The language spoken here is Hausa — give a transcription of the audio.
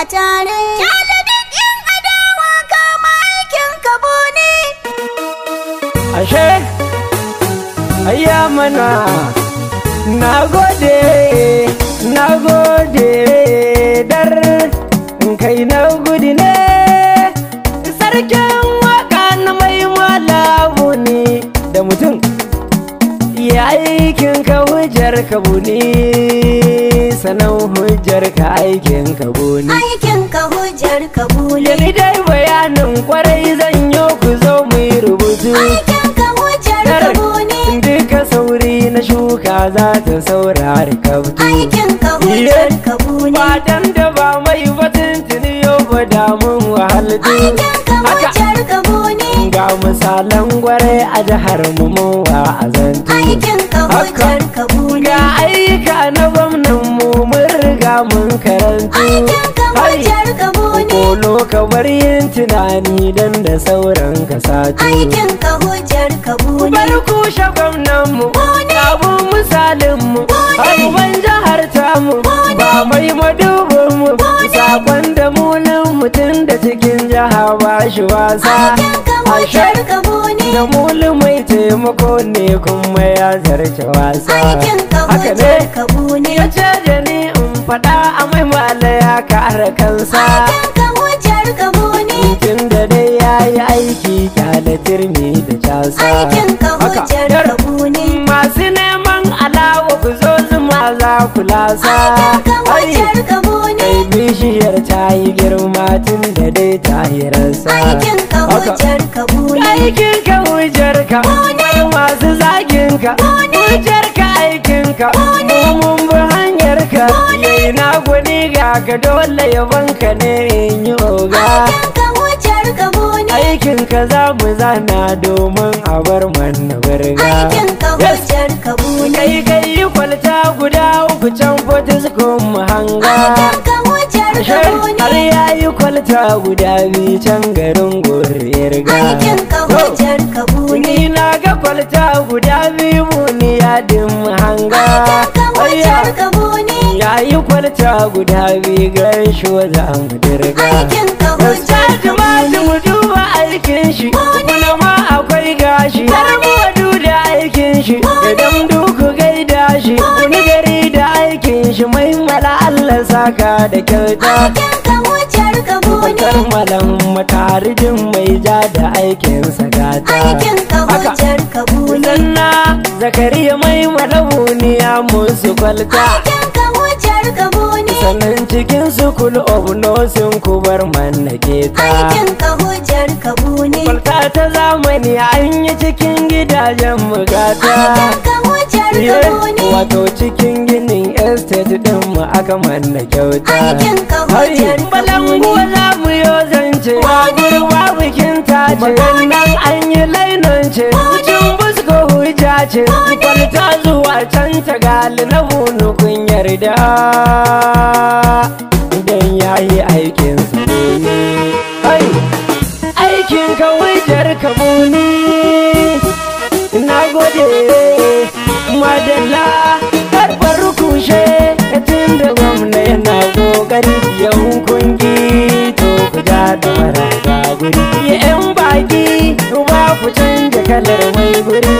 a tare Kyalibin in adawa kama aikin kabo ne Ashe, ayya mana, na gode, na gode dar kai na gudu ne Sarkin waka na mai malamu ne da mutum Ya aikin ka wujar kabo ne sanau hujjar ka aikin ka boni aikin ka hujjar ka boni ni dai bayanin kwarai zan yo ku zo mu yi rubutu aikin ka hujjar ka boni duka sauri na shuka za ta saurari kabtu aikin ka hujjar ka boni fatan da ba mai batun tuni ba damun wahaldu aikin ka hujjar ga misalan gwarai a jihar mu mu a zantu aikin ka hujjar ka boni ga ayyuka na gwamnati mun karantu aikin ka kolo kamar yin tunani dan da sauran kasatu. sato aikin ka hujjar ka bune bar kushe gwamnan mu abu misalin mu abubuwan jihar mu. ba mai madubin mu sakon da munin mutum da cikin jiha ba shi wasa aikin ka da mulu mai taimako ne kuma ya zarce wasa aikin ka hujjar ka bune ya ce da ni faɗa a mai mala ya kare kansa ka da dai ya yi aiki kyale turmi da casa aikin ka hujjar masu neman alawa ku zo zuma za ku lasa aikin ka hujjar bishiyar ta yi girma tun da dai ta yi rasa aikin ka hujjar ka masu zagin ka aikinka. ka aikin ka mun bi hanyar ka ga dole yabanka ne in yi oga aikin ka za mu zana domin a bar mana barga kai kai kwalta guda uku can fotiskun mu hanga har ya yi kwalta guda biyu can garin goriyar ga ni na ga kwalta guda biyu mu ni yadin ta guda biyu gan shi wa za mu dirga Ustaz Tumatu mu duba aikin shi Kuna ma akwai gashi Har mu da aikin shi Da damdu gaida shi Wani gari da aikin shi Mai mala Allah saka da kyauta Aikin Bakar malam matarijin mai ja da aikinsa gata. Aikin kawajar kabuni. Zanna zakariya mai malamu ne ya musu kwalta. Aikin cikin sukul obno sun ku bar mallake ta aikin ka hujjar ka bune falka ta zamani an yi cikin gidajen mugata wato cikin ginin estate din mu aka manna kyauta aikin ka hujjar ka bune wala mu yo zance ba gurwa bikin ta ce nan an yi lainon ce cikin busko hujja ce kwalta zuwa can ta gali na bunu kun yarda kokari yau kun gi to ku ja da mara da guri yan baki ba ku canja kalar mai guri